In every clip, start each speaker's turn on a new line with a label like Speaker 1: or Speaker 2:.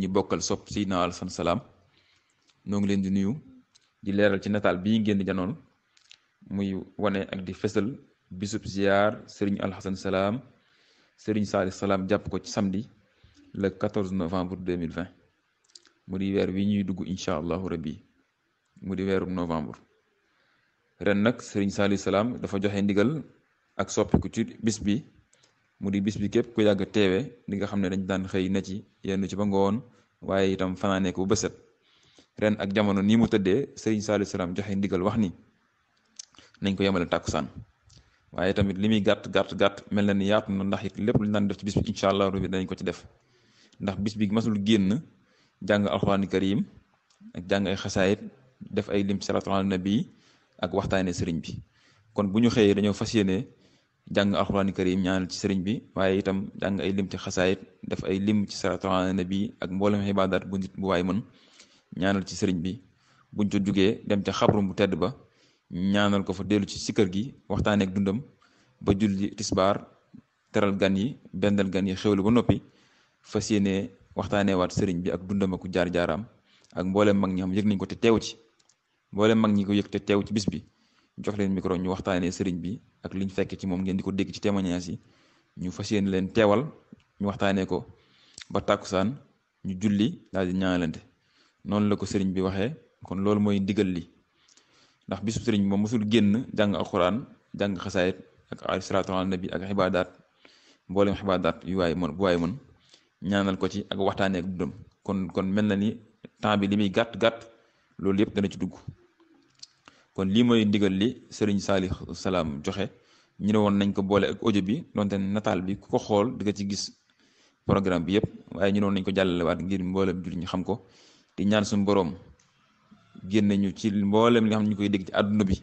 Speaker 1: ñu bokkal sopp Seydina Alassane Salam no ngi leen di nuyu di leral ci natal bi ngeen di janoon muy wone ak di fessel bisub ziar sëriñ Alassane Salam serigne Salih Salam jàpp ko ci samedi le 14 novembre 2020 mudi wer wi ñuy dugg inshallah rabbi mudi di novembre ren nak serigne Salih Salam dafa joxe ndigal ak soppiku ci bis bi mudi bis bi kep ku yag teewe li nga xam dañ dan xey na ci yenn ci ba ngoon waye itam fana nek bu beset ren ak jamono ni mu tëddee sëriñ Saliou Salam joxe ndigal wax ni nañ ko yamale takusan waye tamit limi gatt gatt gatt melna ni yaatu na ndax lepp lu nane def ci bis bi inshallah allah rabbi ko ci def ndax bis bi masul genn jang alxuraan karim ak jang ay xasaayit def ay lim salatu nabi ak waxtane serigne bi kon buñu ñu dañu fasiyene jàng kër yi ñaanal ci sëriñ bi waaye itam jàng ay lim ci xasaayit def ay lim ci salaatu ala nabi ak mboolem xibaadaat bu nit bu waay mën ñaanal ci sëriñ bi buñ ca jógee dem ca xabrum mu tedd ba ñaanal ko fa dellu ci sikkër gi waxtaanee ak dundam ba julli tisbaar teral gan yi bendal gan yi xewlu ba noppi fas yéene waxtaanee waat sëriñ bi ak dundam ak jaar jaaraam ak mboolem mag ñi xam yëg nañ ko te teew ci mboolem mag ñi ko yëg te teew ci bis bi jox leen micro ñu waxtaanee sëriñ bi ak liñ fekk ci moom ngeen di ko dégg ci témoignage yi ñu fas yéene leen teewal ñu waxtaanee ko ba tàkkusaan ñu julli daal di ñaanalante noonu la ko sëriñ bi waxee kon loolu mooy diggal li ndax bisu sëriñ bi moom mosul génn jàng alquran jàng xasaayit ak ay salaatu ala nabi ak xibaadaat mboolem xibaadaat yu waay mën bu waay mën ñaanal ko ci ak waxtaanee ak dundam kon kon mel na ni temps bi li muy gàtt gàtt loolu yëpp dana ci dugg. kon lii mooy ndigal li sëriñ Saalix Salaam joxe ñu ne woon nañ ko boole ak audio bi donte nataal bi ku ko xool di nga ci gis programme bi yëpp waaye ñu ne woon nañ ko jàllale waat ngir mbooleem jullit ñu xam ko di ñaan suñu boroom génne ñu ci mboolem li nga xam ñu koy dégg ci àdduna bi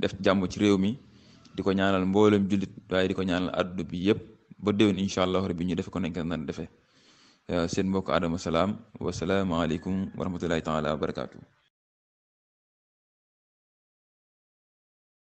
Speaker 1: def jàmm ci réew mi di ko ñaanal mboolem jullit waaye di ko ñaanal àdduna bi yëpp ba déwén incha allah rabbi ñu def ko nañ ko nan defee seen mbokk Adama Salaam wa aleykum wa rahmatullahi taala wa barakaatu.